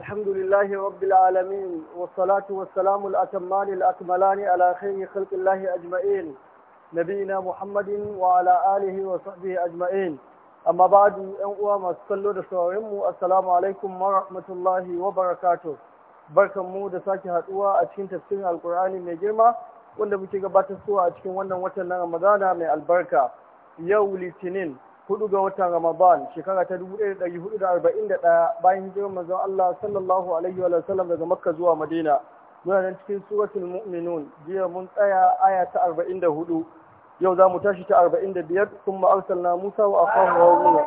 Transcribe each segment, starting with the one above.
الحمد لله رب العالمين والصلاة والسلام الأتمان الأكملان على خير خلق الله أجمعين نبينا محمد وعلى آله وصحبه أجمعين أما بعد أن أوام أسكالو دسوارمو السلام عليكم ورحمة الله وبركاته بركة مودة ساكي هاتوا أتشين تفسير القرآن من جرمة wanda muke gabatar suwa a cikin wannan watan na Ramadana mai albarka yau Litinin hudu ga watan Ramadan shekara ta dubu da ɗaya bayan hijirar manzon Allah sallallahu alaihi wa sallam daga Makka zuwa Madina muna nan cikin suratul mu'minun jiya mun tsaya aya ta hudu yau za mu tashi ta arba'in da biyar kuma arsalna Musa wa akhahu Haruna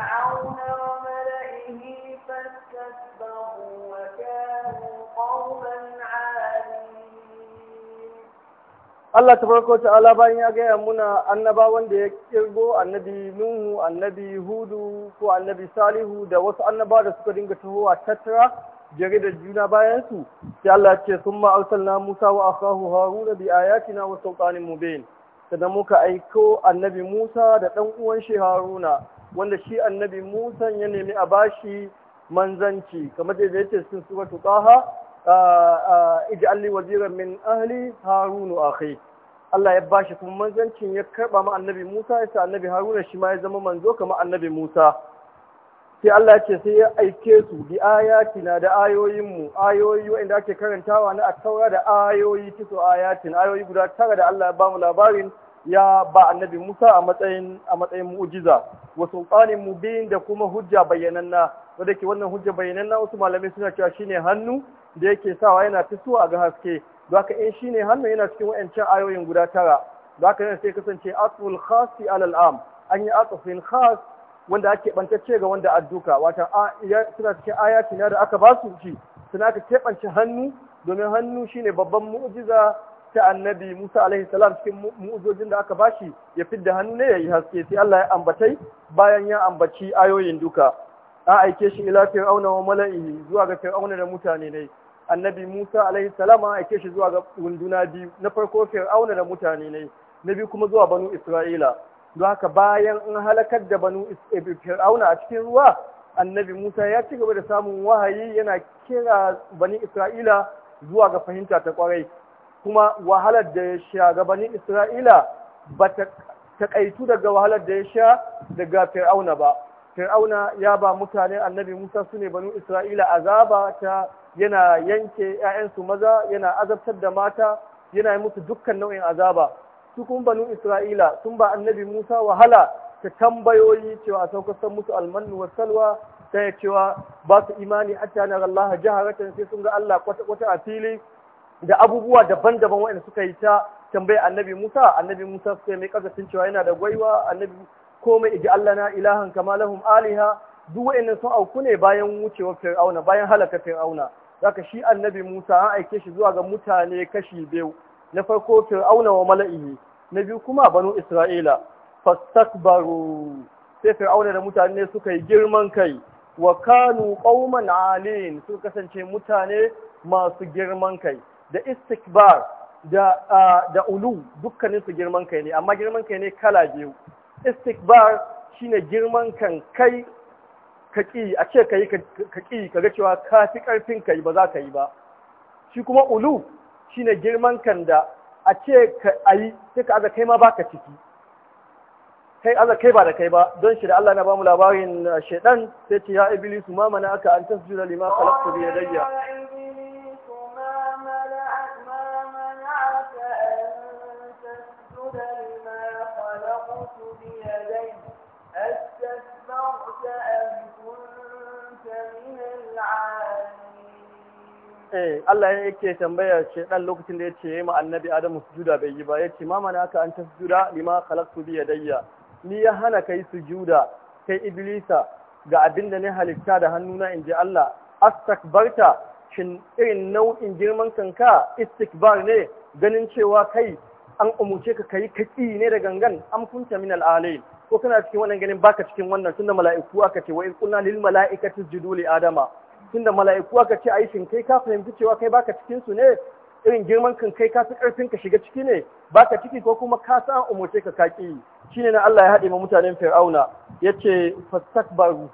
فرعون وملئه فاستكبروا وكانوا قوما Allah ya ya gaya muna annaba wanda ya kirgo annabi Nuhu annabi Hudu ko annabi Salihu da wasu annabawa da suka dinga tahowa tattara jere da juna bayansu. su sai Allah ce summa arsalna Musa wa akahu Haruna bi ayatina wa sultanin mubin sannan muka aiko annabi Musa da ɗan uwan shi Haruna wanda shi annabi Musa ya nemi a bashi manzanci kamar da yake cikin suratu Taha a li waziran min ahli harunu akhi Allah ya bashi kuma manzancin ya karba ma annabi Musa ya sa annabi Haruna shi ma ya zama manzo kamar annabi Musa sai Allah ya ce sai ya aike su bi ayatina da ayoyinmu ayoyi wanda ake karantawa na at-taura da ayoyi tiso ayatin ayoyi guda tara da Allah ya ba mu labarin ya ba annabi Musa a matsayin a matsayin mu'jiza wa sultanin mubin da kuma hujja bayyananna wanda ke wannan hujja bayyananna wasu malamai suna cewa shine hannu da yake sawa yana fitowa ga haske zaka in shine hannu yana cikin wayancan ayoyin guda tara zaka yana sai kasance asful khasi alal am an yi asfin khas wanda ake bantacce ga wanda adduka wata suna cikin ayati na da aka ba su shi suna aka keɓance hannu domin hannu shine babban mu'jiza ta annabi Musa alaihi salam cikin mu'ujojin da aka bashi ya fidda hannu ne ya yi haske sai Allah ya ambatai bayan ya ambaci ayoyin duka a aike shi ila fir'auna wa mala'ihi zuwa ga fir'auna da mutane ne annabi Musa alaihi salam a aike shi zuwa ga runduna biyu na farko fir'auna da mutane ne na biyu kuma zuwa banu Isra'ila don haka bayan an halakar da banu eh, fir'auna a cikin ruwa annabi Musa ya ci gaba da samun wahayi yana kira bani Isra'ila zuwa ga fahimta ta kwarai kuma wahalar da ya sha gabanin Isra'ila ba ta takaitu daga wahalar da ya sha daga Fir'auna ba. Fir'auna ya ba mutane annabi Musa su ne banu Isra'ila azaba ta yana yanke ‘ya'yansu maza, yana azabtar da mata, yana yi musu dukkan nau'in azaba. Su kuma banu Isra'ila sun ba annabi Musa wahala ta tambayoyi cewa a san musu almanu wa salwa ta cewa ba su imani a Allah jaharatan sai sun ga Allah kwata-kwata a fili da abubuwa daban-daban waɗanda suka yi ta tambaya annabi Musa annabi Musa sai mai kasafin cewa yana da gwaiwa annabi komai iji Allah na ilahan kama aliha duk waɗannan sun auku ne bayan wucewar Fir'auna bayan halaka Fir'auna zaka shi annabi Musa an aike shi zuwa ga mutane kashi biyu na farko Fir'auna wa mala'ihi na biyu kuma banu Isra'ila fastakbaru sai Fir'auna da mutane suka yi girman kai wa kanu qauman alin suka kasance mutane masu girman kai da istikbar da da ulu dukkanin su girman kai ne amma girman kai ne kala biyu istikbar shine girman kan kai ka ƙi a ce ka yi ka ƙi ka ga cewa ka fi ƙarfin ka yi ba za ka yi ba shi kuma ulu shine girman kan da a ce ka yi, sai ka aza kai ma baka ciki kai aza kai ba da kai ba don shi da Allah na bamu labarin shaidan sai ce ya iblis ma mana aka an tasjuda lima khalaqtu bi yadayya eh Allah yake tambaya ce ɗan lokacin da ya ce ma annabi Adamu sujuda bai yi ba yace ma mana ka an juda lima khalaqtu bi yadayya ni ya hana kai sujuda kai Iblisa ga abin da ni halitta da hannuna ji Allah barta shin irin nau'in girman kanka istikbar ne ganin cewa kai an umurce ka kai kaci ne da gangan am kunta min al ko kana cikin wannan ganin baka cikin wannan tunda mala'iku aka ce wa in lil mala'ikati isjudu li adama da mala'iku aka ce ai shin kai ka fahimci cewa kai baka cikin ne irin girman kan kai ka fi karfin ka shiga ciki ne baka ciki ko kuma ka san umurce ka kaki shine na Allah ya haɗe ma mutanen Fir'auna yace fastakbaru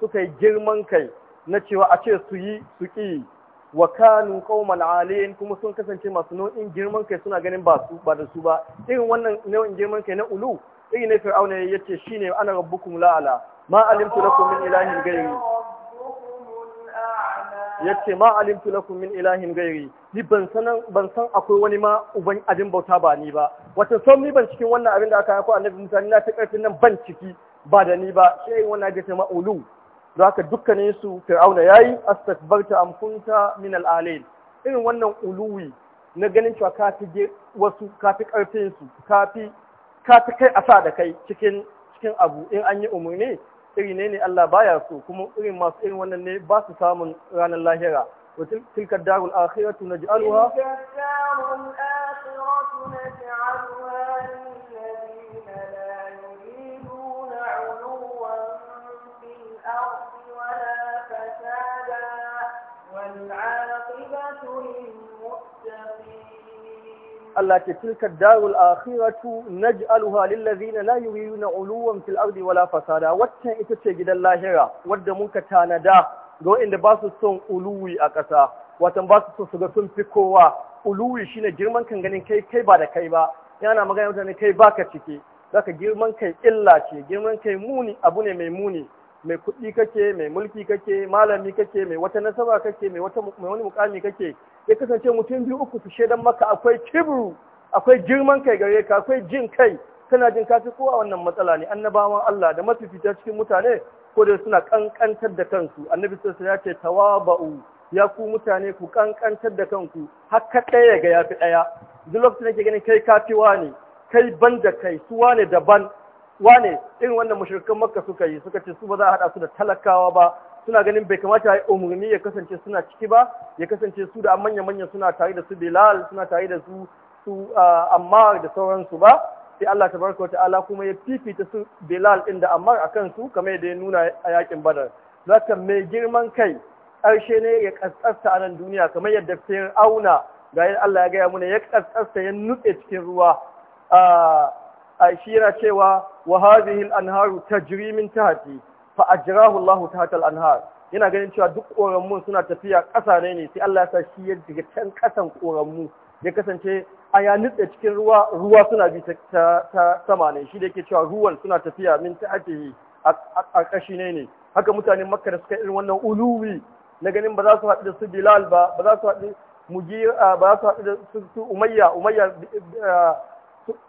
suka yi girman kai na cewa a ce su yi su ki wa kanu qauman aliyin kuma sun kasance masu nau'in girman kai suna ganin ba su ba da su ba irin wannan nau'in girman kai na ulu irin na Fir'auna yace shine ana rabbukum la'ala ma alimtu lakum min ilahin ghairi yace ma alimtu lakum min ilahin gairi ni ban san ban san akwai wani ma uban abin bauta ba ni ba wato son ni ban cikin wannan abin da aka ko annabi Musa ni na ta karfin nan ban ciki ba da ni ba sai wannan ga ma ulu don haka dukkanin su fir'auna yayi astakbarta am kunta min al-alil irin wannan uluwi na ganin cewa ka fi wasu ka fi karfin su ka fi ka fi kai asa da kai cikin cikin abu in an yi umarni iri ne ne Allah baya so kuma irin masu irin wannan ne ba su samun ranar lahira wa tilkar darul akhiratu naj'aluha والعاقبة للمتقين Allah ce tilka darul akhiratu naj'aluha lil ladzina la yuriduna uluwan fil ardi wala fasada waccan ita ce gidan lahira wadda muka tanada ga wanda ba su son uluwi a ƙasa watan ba su son su ga sun fi kowa uluwi shine girman kan ganin kai kai ba da kai ba yana magana mutane kai baka ciki zaka girman kai illa ce girman kai muni abu ne mai muni mai kuɗi kake mai mulki kake malami kake mai wata nasaba kake mai wata mai wani mukami kake ya kasance mutum biyu uku su shaidan maka akwai kibru akwai girman kai gare ka akwai jin kai kana jin kafi kowa wannan matsala ne annabawan Allah da mafifita cikin mutane ko da suna kankantar da kansu annabi sai ya ce tawaba'u ya ku mutane ku kankantar da kanku haka ɗaya ga yafi ɗaya duk lokacin da ke ganin kai kafiwa ne kai ban da kai suwa ne daban wane irin wannan mashirkan makka suka yi suka ce su ba za a hada su da talakawa ba suna ganin bai kamata ya umarni ya kasance suna ciki ba ya kasance su da manya manya suna tare da su bilal suna tare da su su ammar da sauransu ba sai Allah ta wa ta'ala kuma ya fifita su bilal din da ammar a kansu kamar yadda ya nuna a yakin badar zaka mai girman kai ƙarshe ne ya kaskasta a nan duniya kamar yadda fir'auna ga Allah ya gaya mana ya kaskasta ya nutse cikin ruwa a yana cewa wa hadhihi al-anharu tajri min tahti fa ajrahu Allah tahta al-anhar yana ganin cewa duk koramun suna tafiya ƙasa ne ne sai Allah ya sa shi ya diga can ƙasan koramu ya kasance a ya nutse cikin ruwa ruwa suna bi ta sama ne shi da yake cewa ruwan suna tafiya min tahtihi a ƙashi ne ne haka mutanen Makka da suka irin wannan uluwi na ganin ba za su haɗu da su Bilal ba ba za su haɗu Mujira ba za su haɗu da su Umayya Umayya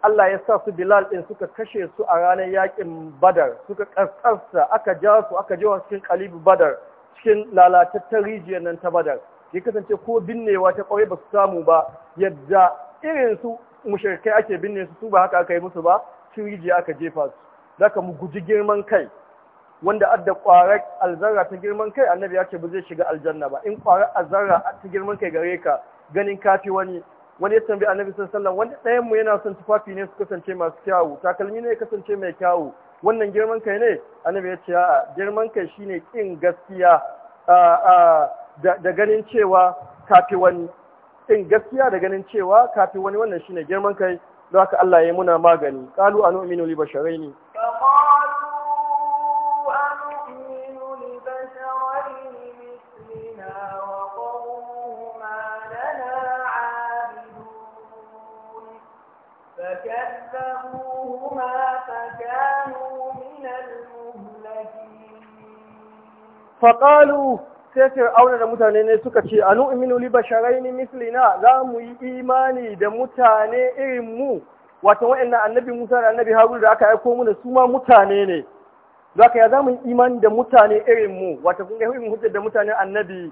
Allah ya sa su Bilal ɗin suka kashe su a ranar yaƙin Badar, suka ƙasƙarsa aka ja su aka wa cikin ƙalibu Badar, cikin lalatattar rijiyar nan ta Badar. Ya kasance ko binnewa ta ƙwarai ba su samu ba, yadda irin su mushirkai ake binne su su ba haka aka yi musu ba, cikin rijiya aka jefa su. Zaka mu guji girman kai, wanda adda ƙwarar alzara ta girman kai annabi ya ce ba zai shiga aljanna ba, in ƙwarar alzara ta girman kai gare ka ganin kafi wani wani ya tambayi annabi sallallahu alaihi wanda ɗayan mu yana son tufafi ne su kasance masu kyawu takalmi ne ya kasance mai kyawu wannan girman kai ne annabi ya ce a girman kai shine kin gaskiya da ganin cewa kafi wani kin gaskiya da ganin cewa kafi wani wannan shine girman kai don haka Allah ya yi muna magani qalu anu'minu li basharaini faƙalu sai fir'auna da mutane ne suka ce a anu iminu ni misli na za mu yi imani da mutane irin mu wato wa'annan annabi Musa da annabi Harun da aka aiko mu da su ma mutane ne zaka ya za mu yi imani da mutane irin mu wato kun ga irin hujjar da mutane annabi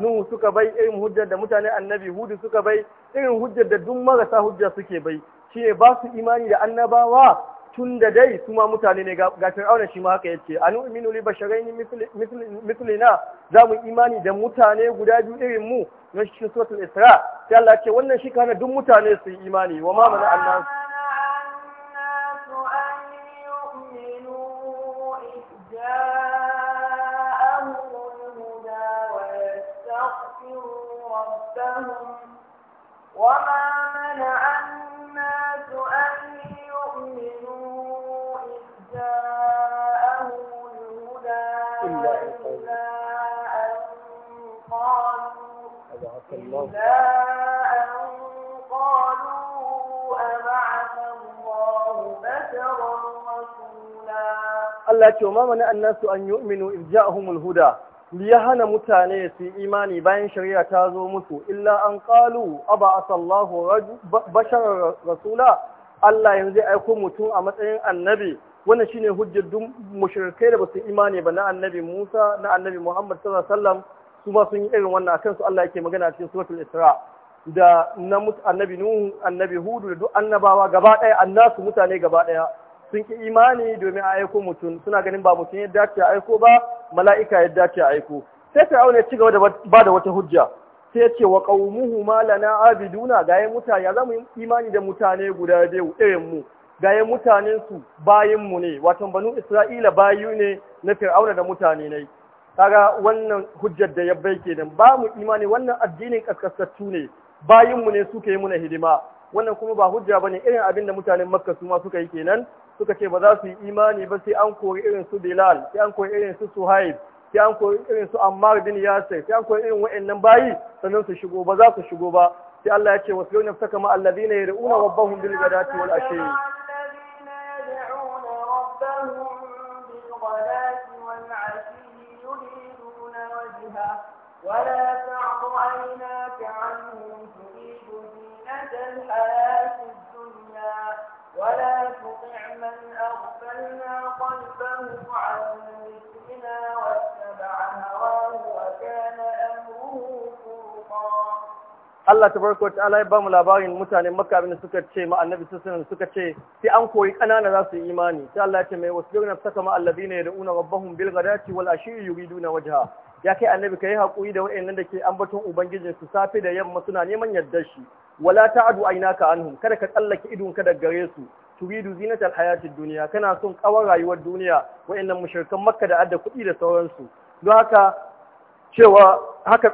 Nuhu suka bai irin hujjar da mutane annabi Hudu suka bai irin hujjar da duk marasa hujja suke bai shi ba su imani da annabawa tun da dai su ma mutane ne ga fir'auna shi ma haka yace anu minu li basharain na za mu imani da mutane guda biyu irin mu na cikin suratul isra sai Allah ce wannan shi kana duk mutane su yi imani wa ma mana annas وما جاء قالوا ce الله بشرا رسولا الله وما منع الناس أن يؤمنوا إذ ya hana mutane su imani bayan shari'a ta zo musu illa an qalu aba asallahu bashar rasula Allah yanzu zai aiko mutum a matsayin annabi wannan shine hujjar duk mushrikai da basu imani ba na annabi Musa na annabi Muhammad sallallahu alaihi wasallam su ba sun yi irin wannan akan su Allah yake magana cikin suratul Isra da na annabi Nuhu annabi Hudu da duk annabawa gaba ɗaya annasu mutane gaba ɗaya sun ki imani domin a aiko mutum suna ganin ba mutum yadda ake aiko ba mala'ika yadda ake aiko sai ta ya ci gaba da ba da wata hujja sai ya ce wa qaumuhu ma lana abiduna gaye mutane ya zamu imani da mutane guda biyu irin mu gaye mutanen su bayin mu ne wato banu Isra'ila bayu ne na Fir'auna da mutane ne kaga wannan hujjar da ya bai kenan ba mu imani wannan addinin kaskasattu ne bayinmu ne suka yi muna hidima wannan kuma ba hujja ne irin abin da mutanen makka su ma suka yi kenan suka ce ba za su yi imani ba sai an kori irin su bilal sai an kori irin su suhaib sai an kori irin su Ammar bin Yasir sai an kori irin wa'annan bayi sannan su shigo ba za su shigo ba sai Allah ya ce wasu yau nafsaka ma alladhina wa rabbahum bil ghadati wal ashi ولا تعض عيناك عنهم تريد زينة الحياة الدنيا ولا تطع من أغفلنا قلبه عن ذكرنا واتبع هواه وكان أمره فرقا Allah tabaraka wa ta'ala ya ba mu labarin mutanen Makka abin da suka ce ma Annabi sallallahu suka ce sai an koyi kanana za su yi imani sai Allah ya ce mai wasbirna saka ma alladhina yad'una rabbahum bil ghadati wal ashi yuriduna wajha ya kai annabi kai haƙuri da wa'annan da ke ambaton ubangijin su safe da yamma suna neman yardar shi wala ta'du aynaka anhum kada ka tsallake idon ka daga gare su turidu zinatal hayatid duniya kana son kawar rayuwar duniya wa'annan mushrikan makka da adda kuɗi da sauransu don haka cewa haka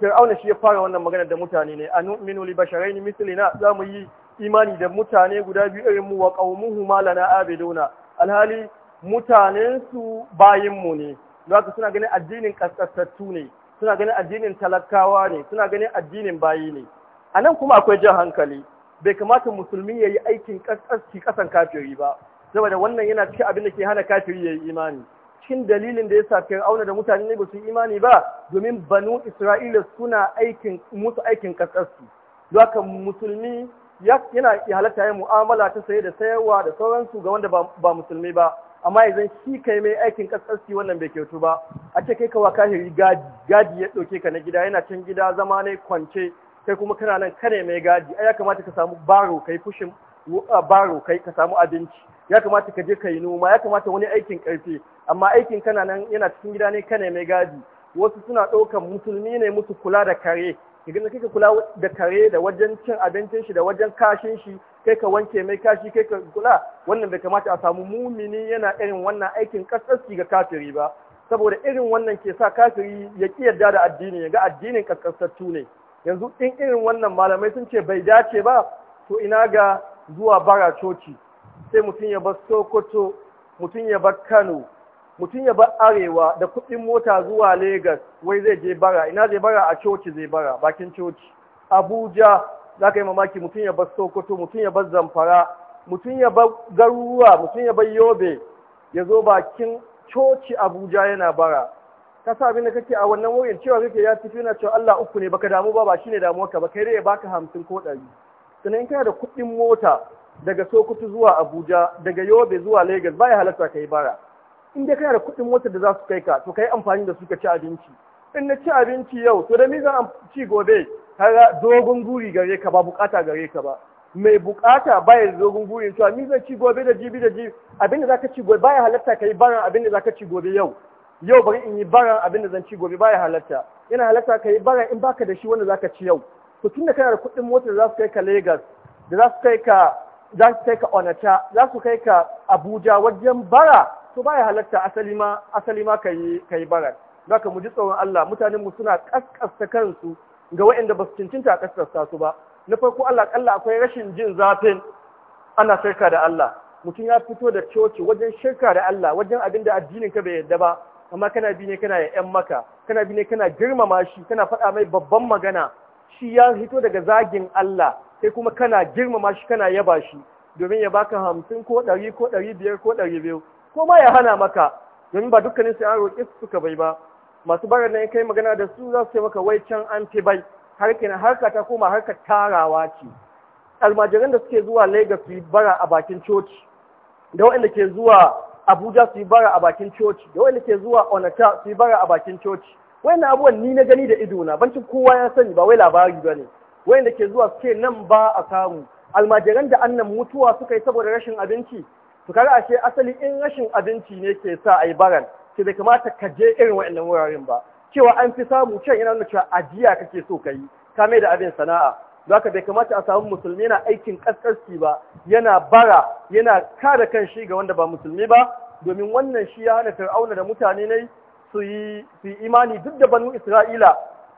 fir'auna shi ya fara wannan magana da mutane ne anu'minu li basharaini mislina za mu yi imani da mutane guda biyu irin mu wa qaumuhu ma lana abiduna alhali mutanen su bayin mu ne don haka suna ganin addinin kaskantattu ne suna ganin addinin talakawa ne suna ganin addinin bayi ne a nan kuma akwai jan hankali bai kamata musulmi ya yi aikin kaskanci kasan kafiri ba saboda wannan yana cikin abin da ke hana kafiri ya yi imani cikin dalilin da ya sa auna da mutane ne ba su imani ba domin banu isra'ila suna aikin musu aikin kaskanci don haka musulmi yana halatta ya mu'amala ta saye da sayarwa da sauransu ga wanda ba musulmi ba amma idan shi kai mai aikin kasarci wannan bai kyautu ba a ce kai kawa kahiri gadi ya ɗauke ka na gida yana can gida zama ne kwance kai kuma kana nan kare mai gadi ai ya kamata ka samu baro kai fushin ah, baro kai ka samu abinci ya kamata ka je ka yi noma ya kamata wani aikin karfe amma aikin kana nan yana cikin gida ne kane mai gadi wasu suna ɗaukan musulmi ne musu kula da kare idan kake kula da kare da wajen cin abincin shi da wajen kashin shi kai ka wanke mai kashi kai ka kula wannan bai kamata a samu mumini yana irin wannan aikin kaskasci ga kafiri ba saboda irin wannan ke sa kafiri ya ki yarda da addini ya ga addinin kaskasattu ne yanzu in irin wannan malamai sun ce bai dace ba to ina ga zuwa bara coci sai mutum ya bar sokoto mutum ya bar kano mutum ya bar arewa da kuɗin mota zuwa Legas wai zai je bara ina zai bara a coci zai bara bakin coci abuja za ka yi mamaki mutum ya bar sokoto mutum ya bar zamfara mutum ya bar garuruwa mutum ya bar yobe ya zo bakin coci abuja yana bara ka sa abin da kake a wannan wurin cewa kake ya tafi cewa Allah uku ne baka damu ba ba shine ka ba kai dai ya baka hamsin ko ɗari sannan in kana da kuɗin mota daga sokoto zuwa abuja daga yobe zuwa lagos baya halarta ka yi bara in dai kana da kuɗin mota da za su kai ka to ka yi amfani da su ka ci abinci in na ci abinci yau to da za zan ci gobe kaga dogon guri gare ka ba bukata gare ka ba mai bukata baya da dogon guri cewa ni zai ci gobe da jibi da jibi abin da zaka ci gobe baya halatta ka yi baran abin da zaka ci gobe yau yau bari in yi baran abin da zan ci gobe baya halatta yana halatta ka yi baran in baka da shi wanda zaka ci yau to tunda kana da kuɗin mota da za su kai ka Lagos da za su kai ka za su kai ka Onitsha za su kai ka Abuja wajen bara to baya halatta asali ma asali ma ka yi baran zaka mu ji tsoron Allah mutanen mu suna kaskasta kansu ga waɗanda ba su cincinta a ƙasar su ba na farko Allah kalla akwai rashin jin zafin ana shirka da Allah mutum ya fito da coci wajen shirka da Allah wajen abin da addinin ka bai yarda ba amma kana bi ne kana yan maka kana bi ne kana girmama shi kana faɗa mai babban magana shi ya fito daga zagin Allah sai kuma kana girmama shi kana yaba shi domin ya baka hamsin ko ɗari ko ɗari biyar ko ɗari biyu ko ma ya hana maka domin ba dukkanin sai an roƙi suka bai ba masu bara nan kai magana da su za su yi maka wai can an fi bai harkar harka ta koma harkar tarawa ce almajiran da suke zuwa Lagos su yi bara a bakin coci da waɗanda ke zuwa Abuja su yi bara a bakin coci da waɗanda ke zuwa Onata su yi bara a bakin coci wayannan abubuwan ni na gani da ido na bancin kowa ya sani ba wai labari ba ne wayanda ke zuwa suke nan ba a samu almajiran da annan mutuwa suka yi saboda rashin abinci su kar ashe asali in rashin abinci ne ke sa a yi baran ce bai kamata ka je irin waɗannan wuraren ba cewa an fi samu can yana nuna cewa ajiya kake so ka yi ka mai da abin sana'a zaka bai kamata a samu musulmi yana aikin kaskarci ba yana bara yana kada kan shi ga wanda ba musulmi ba domin wannan shi ya hana fir'auna da mutane ne su yi imani duk da banu isra'ila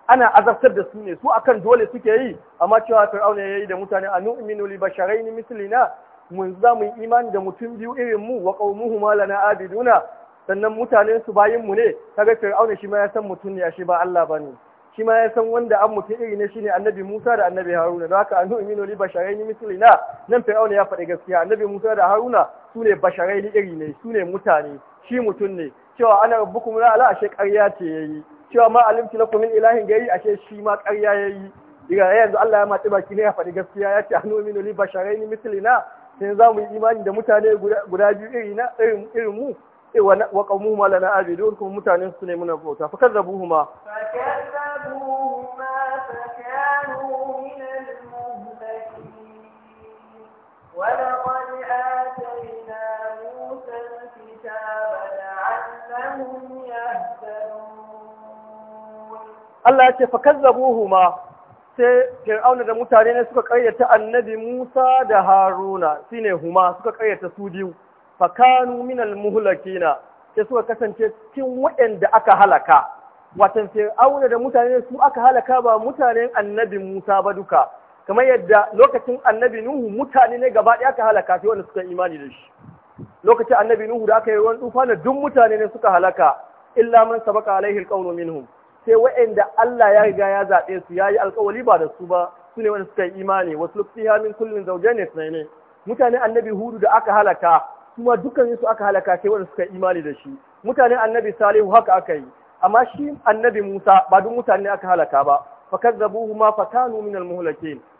ana azabtar da su ne su akan dole suke yi amma cewa fir'auna ya yi da mutane a nu'minu li basharaini mislina mun za mu yi imani da mutum biyu irin mu wa qaumuhuma lana abiduna sannan mutane su bayin mu ne kaga fir'auna shi ma ya san mutum ne ashe ba Allah bane shi ma ya san wanda an mutu iri ne shine annabi Musa da annabi Haruna don haka annu iminu li basharayni mislina nan fir'auna ya faɗi gaskiya annabi Musa da Haruna su ne basharaini iri ne su ne mutane shi mutum ne cewa ana rabbukum la ala ashe ƙarya ce yayi cewa ma alimtu lakum min ilahin gairi ashe shi ma ƙarya yayi diga yanzu Allah ya matsi baki ne ya faɗi gaskiya ya ce annu iminu li basharayni mislina sai za mu yi imani da mutane guda biyu iri na irin mu ce wa qaumu malana abidun kuma mutanen su ne muna bauta fa kazzabuhuma ولقد آتينا موسى الكتاب لعلهم يهتدون الله يقول فكذبوهما sai Fir'auna da mutane ne suka karyata annabi Musa da Haruna shine huma suka karyata su biyu fakanu minal muhlakina sai suka kasance cikin waɗanda aka halaka watan auna da mutane su aka halaka ba mutanen annabi Musa ba duka kamar yadda lokacin annabi Nuhu mutane ne gaba ɗaya aka halaka sai wanda suka imani da shi lokacin annabi Nuhu da aka yi ruwan tufa na duk mutane ne suka halaka illa man sabaka alaihi alqawlu minhum sai waɗanda Allah ya riga ya zaɓe su ya yi ba da su ba su ne wanda suka yi imani wasu fiha min kullin zawjayn ne mutane annabi Hudu da aka halaka kuma dukkan su aka halaka sai wanda suka yi imani da shi mutanen annabi salihu haka aka yi amma shi annabi musa ba duk mutane aka halaka ba fakazzabuhuma fakanu minal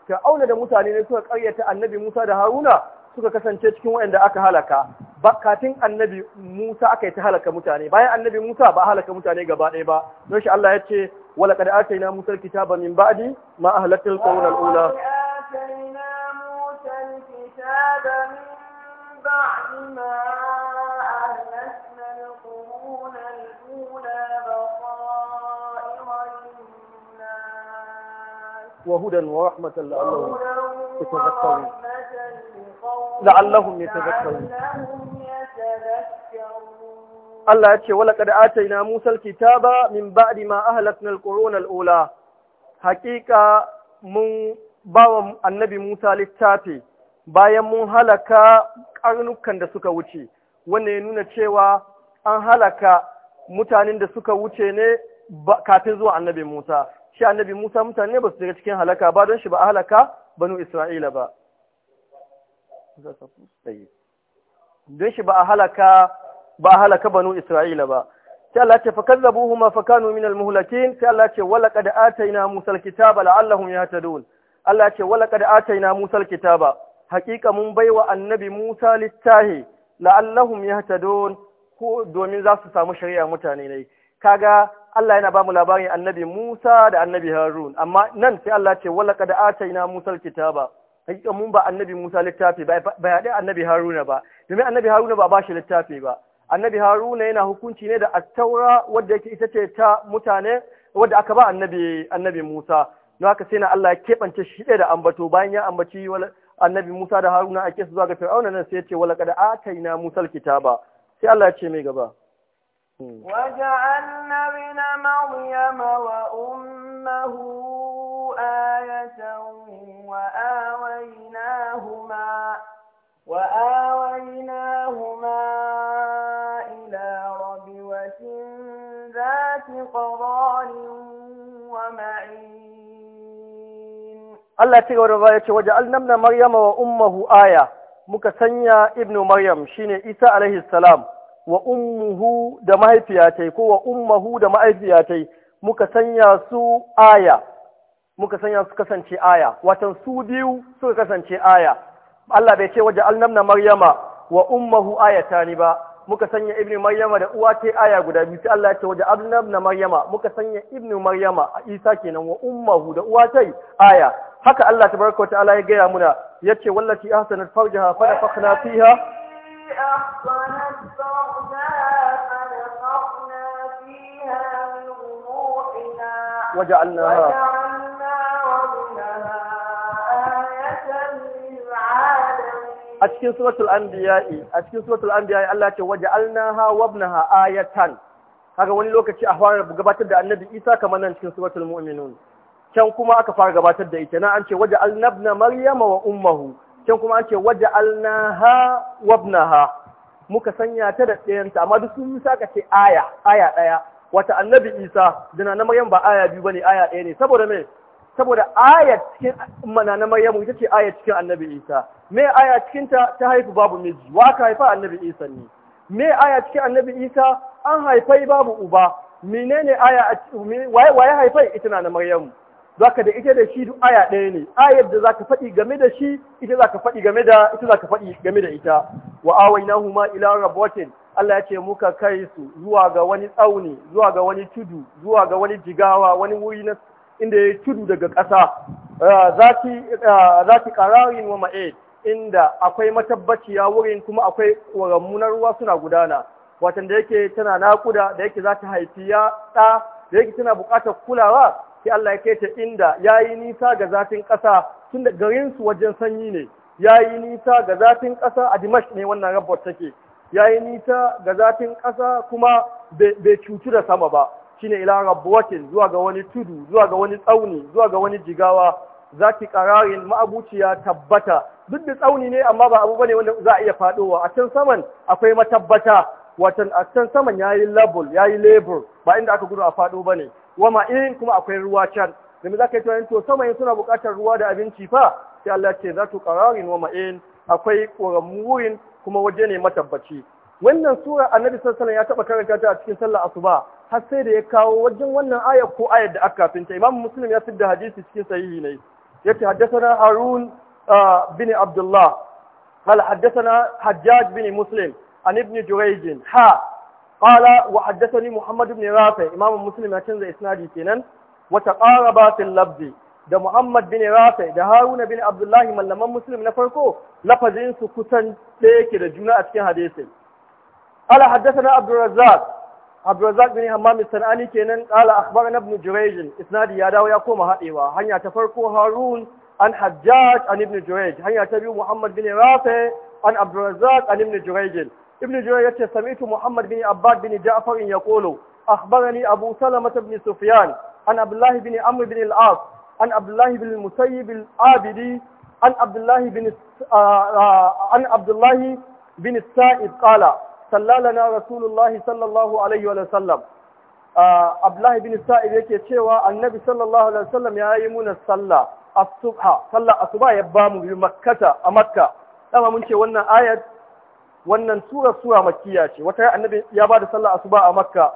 Ka auna da mutane ne suka karyata annabi musa da haruna suka kasance cikin waɗanda aka halaka bakatin annabi musa aka yi ta halaka mutane bayan annabi musa ba halaka mutane gaba ɗaya ba don shi allah ya ce wala qad atayna musa alkitaba min ba'di ma ahlakal qawla al-ula atayna musa min بعد وهدى ورحمة لعلهم يتذكرون لعلهم يتذكرون ya ce, Wala ƙada na Musar kitaba min ba'di ma ahalakna al ola. ula, haƙiƙa mun bawa annabi Musa littafi, bayan mun halaka karnukan da suka wuce wannan ya nuna cewa an halaka mutanen da suka wuce ne kafin zuwa annabi Musa shi annabi Musa mutane ne ba su daga cikin halaka ba don shi ba a halaka banu Isra'ila ba don shi ba a halaka ba a halaka banu Isra'ila ba sai Allah ce fakazzabuhuma fakanu minal muhulakin, sai Allah ce wala qad ataina musal kitaba la'allahum dole. Allah ce wala qad ataina musal kitaba haƙiƙa mun bai wa annabi Musa littahi la'allahum yahtadun ko domin za su samu shari'a mutane ne kaga Allah yana ba mu labarin annabi Musa da annabi Harun amma nan sai Allah ce wala kad ataina Musa alkitaba hakika mun ba annabi Musa littafi ba ya ya annabi Haruna ba domin annabi Haruna ba ba shi littafi ba annabi Haruna yana hukunci ne da attaura wadda yake ita ce ta mutane wadda aka ba annabi annabi Musa don haka sai na Allah ya kebance shi da ambato bayan ya ambaci annabi Musa da Haruna ake su zuwa ga Fir'auna nan sai ya ce wala kada ataina Musa alkitaba sai Allah ce mai gaba hmm. wa ja'alna bina maryama wa ummuhu ayatan wa awaynahuma ila rabbi wa tin zati qararin Allah ya gaba da ya ce waje alnamna maryama wa ummuhu aya muka sanya ibnu maryam shine isa alaihi salam wa ummuhu da mahaifiya mahaifiyatai ko wa ummuhu da mahaifiya mahaifiyatai muka sanya su aya muka sanya su kasance aya watan su biyu suka kasance aya Allah bai ce waje alnamna maryama wa ummuhu ayatani ba muka sanya ibnu maryama da uwa ta aya guda biyu sai Allah ya ce waje abnab na maryama muka sanya ibnu maryama a isa kenan wa ummahu da uwa ta aya haka Allah tabaraka wa ta'ala ya gaya muna yace wallati ahsanat farjaha fa nafakhna fiha ahsanat farjaha a cikin suratul anbiya'i a cikin suratul anbiya'i Allah ce waja'alnaha wa ibnaha ayatan kaga wani lokaci a fara gabatar da annabi Isa kamar nan cikin suratul mu'minun can kuma aka fara gabatar da ita na an ce waja'alna ibna maryama wa ummuhu can kuma an ce waja'alnaha wa ibnaha muka sanya ta da tsayanta amma duk sun saka ce aya aya daya wata annabi Isa dana na maryam ba aya biyu bane aya daya ne saboda me saboda ayat cikin mana na Maryamu ita ce ayat cikin Annabi Isa me aya cikin ta ta haifu babu miji wa ka haifa Annabi Isa ne me aya cikin Annabi Isa an haifai babu uba menene aya a waye waye haifai ita na Maryamu zaka da ita da shi duk aya ɗaya ne ayar da zaka faɗi game da shi ita zaka faɗi game da ita zaka faɗi game da ita wa ma ila rabbatin Allah ya ce muka kai su zuwa ga wani tsauni zuwa ga wani tudu zuwa ga wani jigawa wani wuri na inda ya tudu daga ƙasa eh, za ki eh, ƙararin wa ma'e inda akwai matabbaciya wurin kuma akwai ƙoramu na ruwa suna gudana watan da yake tana naƙuda da yake za ta haifi ya ɗa da yake tana buƙatar kulawa ki Allah ya kai inda ya yi nisa ga zafin ƙasa tun da garinsu wajen sanyi ne ya yi nisa ga zafin ƙasa a dimash ne wannan rabbar take ya yi nisa ga zafin ƙasa kuma bai cutu da sama ba shine ila rabbuwatin zuwa ga wani tudu zuwa ga wani tsauni zuwa ga wani jigawa zaki qararin ma'abuciya tabbata duk da tsauni ne amma ba abu bane wanda za a iya fadowa a can saman akwai matabbata watan a can saman yayi label yayi lebur, ba inda aka gudu a fado bane wama in kuma akwai ruwa can da za zaka yi tunanin to saman suna buƙatar ruwa da abinci fa sai Allah ce za tu qararin wa in akwai wurin kuma waje ne matabbaci wannan sura annabi sallallahu alaihi wasallam ya taba karanta ta a cikin sallar asuba har sai da ya kawo wajen wannan aya ko ayar da aka finta imam muslim ya fidda hadisi cikin sahihi ne yace haddathana harun uh, bin abdullah قال حدثنا bin بن مسلم عن ابن جريج ها قال وحدثني محمد بن رافع امام مسلم ya canza isnadi kenan وتقاربا في اللفظ da Muhammad bin Rafi da Haruna bin Abdullahi mallaman Muslim na farko lafazin su kusan da yake da juna a cikin hadisi. Ala haddathana Abdurrazzaq Abdulrazak bin Hammam Sanani kenan qala akhbarana ibn Jurayj isnadi ya dawo ya koma hadewa hanya ta farko Harun an Hajjaj an ibn Jurayj hanya ta biyu Muhammad bin Rafi an Abdulrazak an ibn Jurayj ibn Jurayj yace sami'tu Muhammad bin Abbad bin Ja'far yaqulu akhbarani Abu Salama bin Sufyan an Abdullah bin Amr bin al-As an Abdullah bin Musayyib al-Abidi an Abdullah bin uh, uh, an Abdullah bin Sa'id qala sallalana rasulullahi sallallahu alaihi wa sallam Abdullahi bin Sa'id yake cewa annabi sallallahu alaihi wa sallam ya yi muna sallah as-subha sallah asuba ya ba mu makkata a makka dama mun ce wannan ayat wannan sura sura makkiya ce wata annabi ya ba da sallah asuba a makka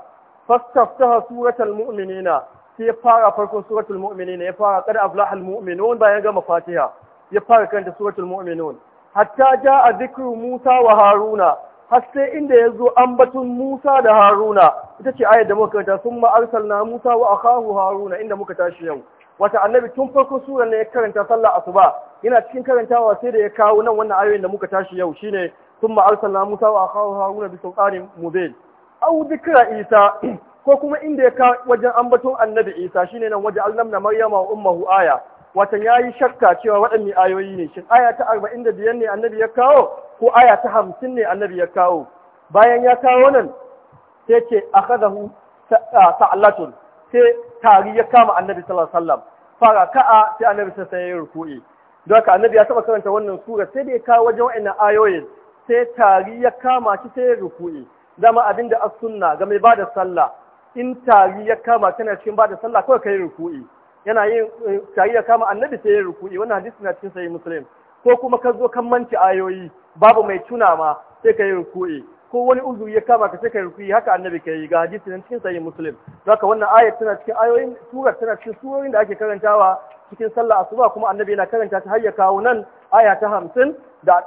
fastaftaha suratul mu'minina sai ya fara farkon suratul mu'minina ya fara qad aflahal mu'minun bayan gama fatiha ya fara kanta suratul mu'minun hatta jaa dhikru Musa wa Haruna har sai inda ya zo ambatun Musa da Haruna ita ce ayyar da muka karanta sun ma'arsal na Musa wa a Haruna inda muka tashi yau wata annabi tun farko sura ne ya karanta sallah asuba yana cikin karantawa sai da ya kawo nan wannan ayoyin da muka tashi yau shine sun ma'arsal na Musa wa a Haruna bi sultanin mubin au zikira Isa ko kuma inda ya kawo wajen ambatun annabi Isa shine nan waje na Maryama wa ummahu aya watan yi shakka cewa waɗanne ayoyi ne shin aya ta biyar ne annabi ya kawo ko aya ta hamsin ne annabi ya kawo bayan ya kawo nan sai ce akhadahu sa'latun sai tari ya kama annabi sallallahu alaihi wasallam fara ka'a sai annabi sai ya ruku'i don haka annabi ya taba karanta wannan sura sai da ya kawo wajen wa'annan ayoyin sai tari ya kama shi sai ya ruku'i zama abin da as sunna ga mai bada sallah in tari ya kama tana cikin bada sallah kawai kai ruku'i yana yin eh, tari ya kama annabi sai ya ruku'i wannan hadisi na cikin sahih muslim ko kuma ka zo kan manci ayoyi babu mai tuna ma sai ka yi ruku'i ko wani uzuri ya kama ka sai ka yi ruku'i haka annabi ka yi ga hadisi nan cikin sahih muslim haka wannan ayat tana cikin ayoyin surar tana cikin surorin da ake karantawa cikin sallah asuba kuma annabi yana karanta ta har ya kawo nan aya ta hamsin da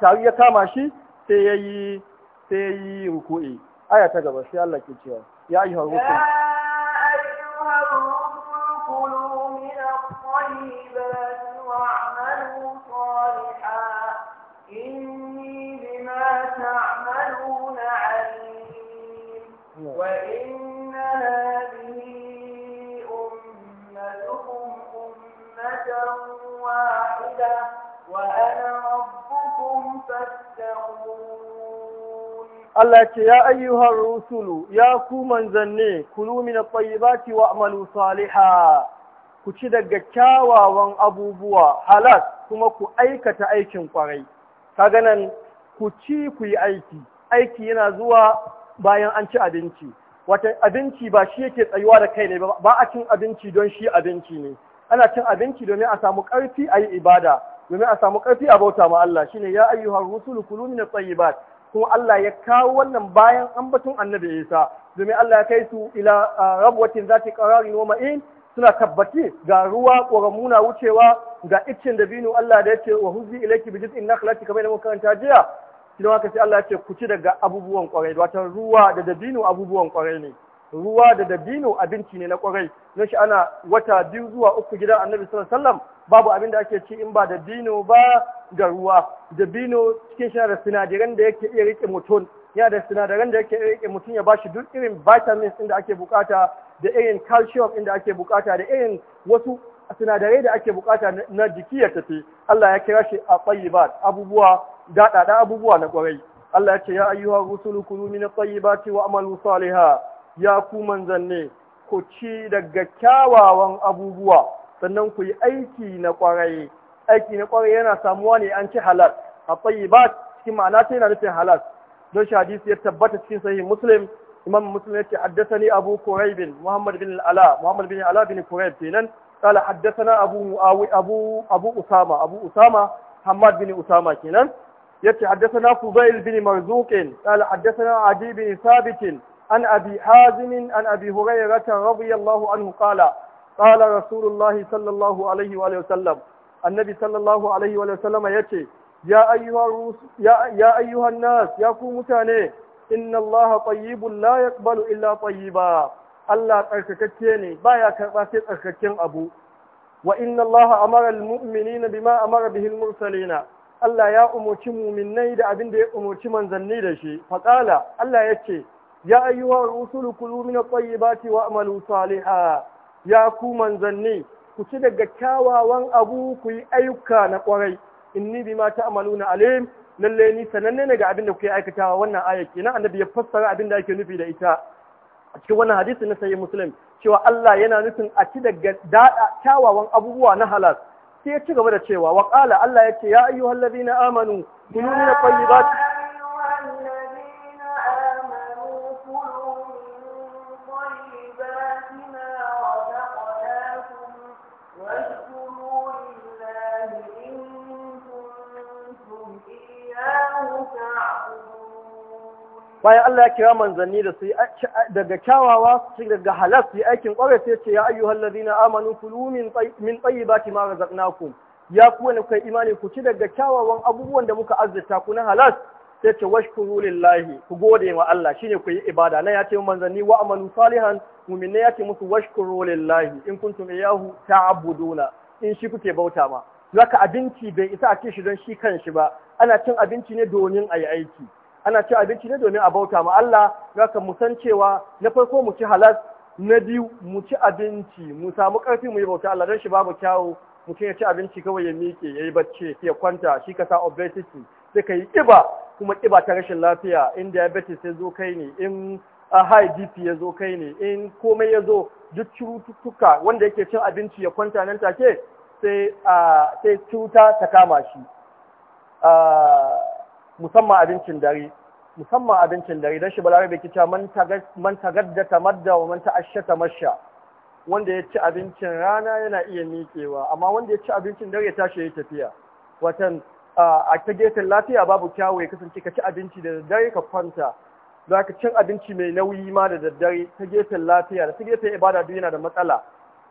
tari ya kama shi sai ya yi sai yi ruku'i aya ta gaba sai Allah ke cewa ya ayyuha rukui ya ayyuha rukui إني بما تعملون عليم وإن هذه أمتكم أمة واحدة وأنا ربكم فاتقون Allah ce ya ayyuhar rusulu ya ku manzanne kulu min at-tayyibati wa'malu salihan ku ci daga kyawawan abubuwa halas kuma ku aikata aikin ƙwarai. kaga nan ku ci ku yi aiki aiki yana zuwa bayan an ci abinci wata abinci ba shi yake tsayuwa da kai ne ba a cin abinci don shi abinci ne ana cin abinci domin a samu ƙarfi a yi ibada domin a samu ƙarfi a bauta ma Allah shine ya ayyuhar rusulu kulu min at-tayyibat kuma Allah ya kawo wannan bayan ambaton Annabi Isa domin Allah ya kai su ila ah, rabwatin zati qararin wa ma'in suna tabbaci ga ruwa ƙoramuna na wucewa ga iccen da binu Allah da ya ce wa huzi ilaiki bi na nakhlati kamar da muka karanta jiya kina haka sai Allah ya ce ku ci daga abubuwan ƙwarai wato ruwa da dabino abubuwan ƙwarai ne ruwa da dabino abinci ne na ƙwarai don shi ana wata biyu zuwa uku gidan annabi sallallahu alaihi wasallam babu abin da ake ci in ba dabino ba da ruwa dabino cikin shi da sinadaran da yake iya rike mutum yana da sinadaran da yake rike mutum ya bashi duk irin vitamins inda ake bukata da irin calcium inda ake bukata da irin wasu sinadarai da ake bukata na jiki ya tafi Allah ya kira shi a tayyibat abubuwa daɗaɗa abubuwa na kwarai Allah ya ce ya ayyuha rusulu kulu min tayyibati wa amalu Saliha. ya ku manzanne ku ci daga kyawawan abubuwa sannan ku yi aiki na kwarai aiki na kwarai yana samuwa ne an ci halal a tayyibat cikin ma'ana ta yana nufin halal don shi hadisi ya tabbata cikin sahih muslim imam muslim yace haddathani abu kurayb muhammad bin ala muhammad bin ala bin kurayb kenan abu usama abu bin usama kenan yace haddathana fubail bin marzuq qala haddathana adi bin Sabitin, an abi hazim an abi hurayra radiyallahu anhu qala qala rasulullahi sallallahu alaihi wa sallam annabi sallallahu alaihi wa sallam yace ya ayyuhan nas ya ku mutane inna Allah tayyibun la yaqbalu illa tayyiba Allah tsarkakakke ne baya karba sai tsarkakken abu wa inna Allah amara almu'minina bima amara bihi almursalina Allah ya umarci mu'minnai da abin da ya umarci manzanni da shi faqala Allah yace ya ayyuhar rusulu kulu min at-tayyibati wa amalu salihan ya ku manzanni ku ci daga kyawawan abu ku yi ayyuka na kwarai inni bima ta'maluna alim lalle ni sananne ne ga abin da kuke aikatawa wannan aya kenan annabi ya fassara abin da ake nufi da ita a cikin wannan hadisi na sahih muslim cewa Allah yana nufin a ci daga dada kyawawan abubuwa na halal sai ya ci gaba da cewa wa qala Allah yace ya ayyuhallazina amanu kunu min tayyibati bayan Allah ya kira manzanni da su daga kyawawa su daga halal su aikin kwarai sai ce ya ayyuhal ladina amanu kulu min tayyibati ma razaqnakum ya ku kai imani ku ci daga kyawawan abubuwan da muka azzata ku na halal sai ce washkuru lillahi ku gode wa Allah shine ku yi ibada na ya ce manzanni wa amanu salihan mu'minai ya ce musu washkuru lillahi in kuntum iyahu ta'buduna in shi kuke bauta ma zaka abinci bai isa a ce shi don shi kanshi ba ana cin abinci ne domin ayi aiki ana ci abinci ne domin a bauta ma Allah ga mu san cewa na farko mu ci halal na biyu mu ci abinci mu samu karfi mu yi bauta Allah dan shi babu kyawu mutum ya ci abinci kawai ya miƙe ya yi bacci ya kwanta shi ka sa obesity sai ka yi ƙiba kuma kiba ta rashin lafiya in diabetes ya zo kai ne in a high BP ya zo kai ne in komai ya zo duk cututtuka wanda yake cin abinci ya kwanta nan take sai sai cuta ta kama shi musamman abincin dare musamman abincin dare don shi balarabe kica man tagadda tamadda wa man ta masha. wanda ya ci abincin rana yana iya miƙewa amma wanda ya ci abincin dare ya tashi ya tafiya watan a ta gefen lafiya babu kyawu ya kasance ka ci abinci da daddare ka kwanta za ka cin abinci mai nauyi ma da daddare ta gefen lafiya da ta gefen ibada duk yana da matsala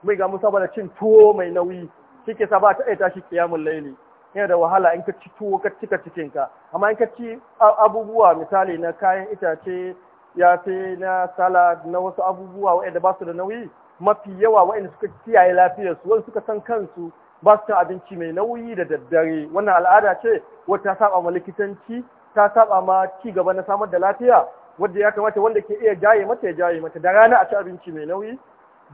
mai ga musa da cin tuwo mai nauyi shi ke sa ba ta iya tashi kiyamun laili yana da wahala in ka ci tuwo ka cika cikinka amma in ka ci abubuwa misali na kayan itace ya sai na salad na wasu abubuwa waɗanda ba su da nauyi mafi yawa waɗanda suka kiyaye lafiyarsu wasu suka san kansu ba su cin abinci mai nauyi da daddare wannan al'ada ce wata saba ma likitanci ta saba ma ci gaba na samar da lafiya wanda ya kamata wanda ke iya jaye mata ya jaye mata da rana a ci abinci mai nauyi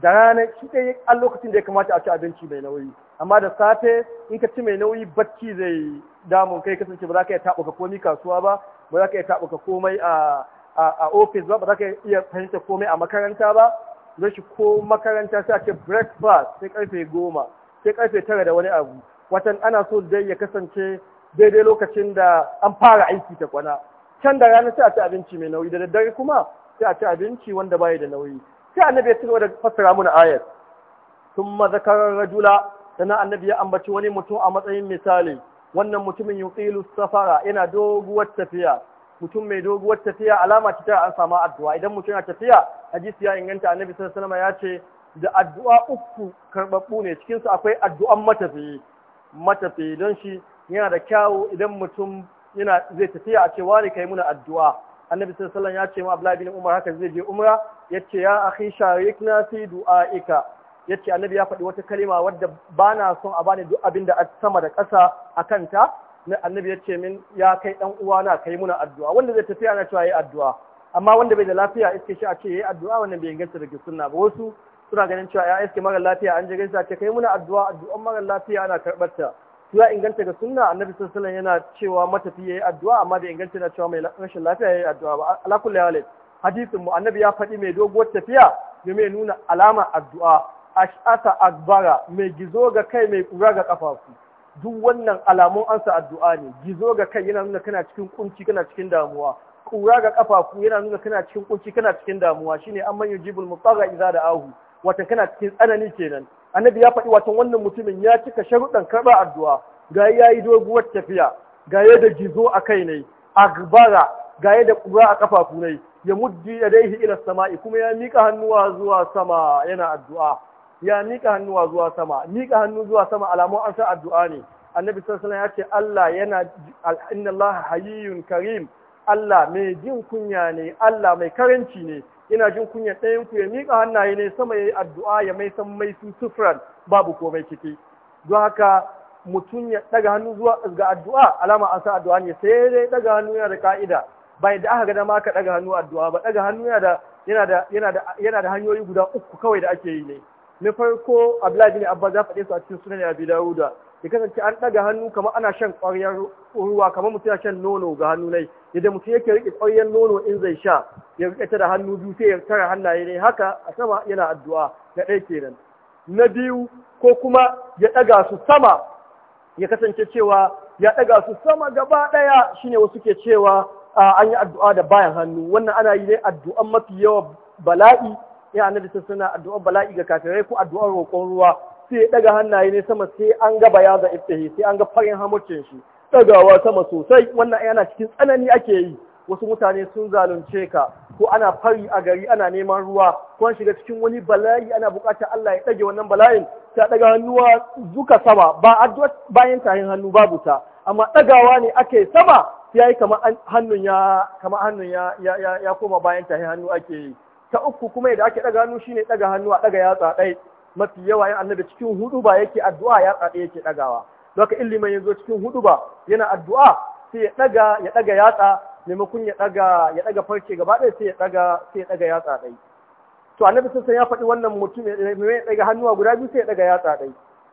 da rana shi ɗaya a lokacin da ya kamata a ci abinci mai nauyi amma da safe in ka ci mai nauyi bacci zai damun kai kasance ba za ka iya taɓuka komai kasuwa ba ba za ka iya taɓuka komai a ofis ba ba za ka iya fahimta komai a makaranta ba zai shi ko makaranta sai a ce breakfast sai karfe goma sai karfe tara da wani abu watan ana so dai ya kasance daidai lokacin da an fara aiki ta kwana can da rana sai a ci abinci mai nauyi da daddare kuma sai a ci abinci wanda baya da nauyi sai annabi ya cigaba da fassara mana ayat sun mazakar rajula sannan annabi ya ambaci wani mutum a matsayin misali wannan mutumin yuqilu safara yana doguwar tafiya mutum mai doguwar tafiya alama ce ta an samu addu'a idan mutum yana tafiya hadisi ya inganta annabi sallallahu alaihi wasallam ya ce da addu'a uku karbabbu ne cikin su akwai addu'an matafiyi matafiyi don shi yana da kyawu idan mutum yana zai tafiya a ce wani kai muna addu'a annabi sallallahu ya ce ma Abdullahi bin Umar haka zai je umra yace ya akhi sharikna fi du'aika yace annabi ya faɗi wata kalima wadda ba na son a bani duk abin da sama da ƙasa a kanta na annabi ya ce min ya kai ɗan na kai muna addu'a wanda zai tafiya na cewa yi addu'a amma wanda bai da lafiya iske shi a ce yayi addu'a wannan bai ganta daga sunna ba wasu suna ganin cewa ya iske mara lafiya an je gaisa ce kai muna addu'a addu'an mara lafiya ana karɓar ta ya inganta ga sunna annabi sallallahu yana cewa matafi yi addu'a amma bai inganta yana cewa mai rashin lafiya yayi addu'a ba ala kulli halin hadisin mu annabi ya faɗi mai doguwar tafiya domin nuna alama addu'a ash'asa akbara mai gizo ga kai mai kura ga kafafu duk wannan alamun ansa addu'a ne gizo ga kai yana nuna kana cikin kunci kana cikin damuwa kura ga kafafu yana nuna kana cikin kunci kana cikin damuwa shine amman yujibul mutarra idza da'ahu watan kana cikin tsanani kenan annabi ya faɗi watan wannan mutumin ya cika sharuɗan karɓar addu'a ga ya yi doguwar tafiya ga ya da gizo a kai ne agbara ga ya da ƙura a ƙafafu ne ya muddi da dai ila sama'i kuma ya miƙa hannuwa zuwa sama yana addu'a ya miƙa hannuwa zuwa sama miƙa hannu zuwa sama alamun an sa addu'a ne annabi sallallahu alaihi wasallam ya ce Allah yana inna Allah hayyun karim Allah mai jin kunya ne Allah mai karanci ne ina jin kunya ɗayan ku ya miƙa hannaye ne sama ya yi addu'a ya mai san mai su sufran babu komai ciki don haka mutum ya ɗaga hannu zuwa ga addu'a alama an san addu'a ne sai dai ɗaga hannu yana da ka'ida bai da aka gada ma ka ɗaga hannu addu'a ba ɗaga hannu yana da hanyoyi guda uku kawai da ake yi ne na farko Abdullahi bin Abba za faɗe su a cikin sunan Abi Dawuda ya kasance an ɗaga hannu kama ana shan ƙwaryar ruwa kamar mutum ya shan nono ga hannu nai yadda mutum yake riƙe ƙwaryar nono in zai sha ya riƙe ta da hannu biyu sai ya tara hannaye ne haka a sama yana addu'a na ɗaya kenan na biyu ko kuma ya ɗaga su sama ya kasance cewa ya ɗaga su sama gaba ɗaya shine wasu ke cewa an yi addu'a da bayan hannu wannan ana yi ne addu'an mafi yawa bala'i ya annabi sun suna addu'ar bala'i ga kafirai ko addu'ar roƙon ruwa sai ya daga hannaye ne sama sai an ga bayaza iftahi sai an ga farin hamucin shi dagawa sama sosai wannan yana cikin tsanani ake yi wasu mutane sun zalunce ka ko ana fari a gari ana neman ruwa ko an shiga cikin wani bala'i ana buƙatar Allah ya dage wannan bala'in ta daga hannuwa zuka sama ba addu'a bayan tahin hannu babu ta amma dagawa ne ake sama sai kamar hannun ya hannun ya koma bayan tahin hannu ake yi ta uku kuma yadda ake daga hannu shine daga hannu a daga yatsa ɗaya mafi yawa yan annabi cikin hudu ba yake addu'a ya tsade yake ɗagawa doka illiman yazo cikin hudu ba yana addu'a sai ya daga ya daga yatsa maimakon ya daga ya farce gaba ɗaya sai ya daga sai ya daga yatsa ɗaya to annabi sallallahu ya faɗi wannan mutum ya daga hannuwa guda biyu sai ya daga yatsa ɗaya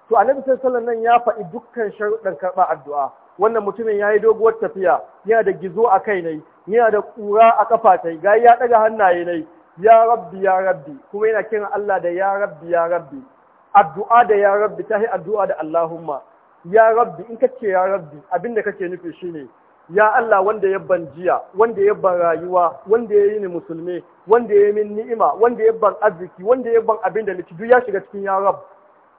to annabi sallallahu nan ya faɗi dukkan sharuɗan karɓa addu'a wannan mutumin ya yi doguwar tafiya yana da gizo a kai ne yana da ƙura a ƙafa ta ga ya daga hannaye ne ya rabbi ya rabbi kuma yana kiran Allah da ya rabbi ya rabbi addu'a da ya rabbi yi addu'a da Allahumma ya rabbi in kace ya rabbi abinda kake nufi shine ya Allah wanda ya ban jiya wanda ya ban rayuwa wanda ya yi ni musulmi wanda ya yi min ni'ima wanda ya ban arziki wanda ya ban abin da duk ya shiga cikin ya rabbi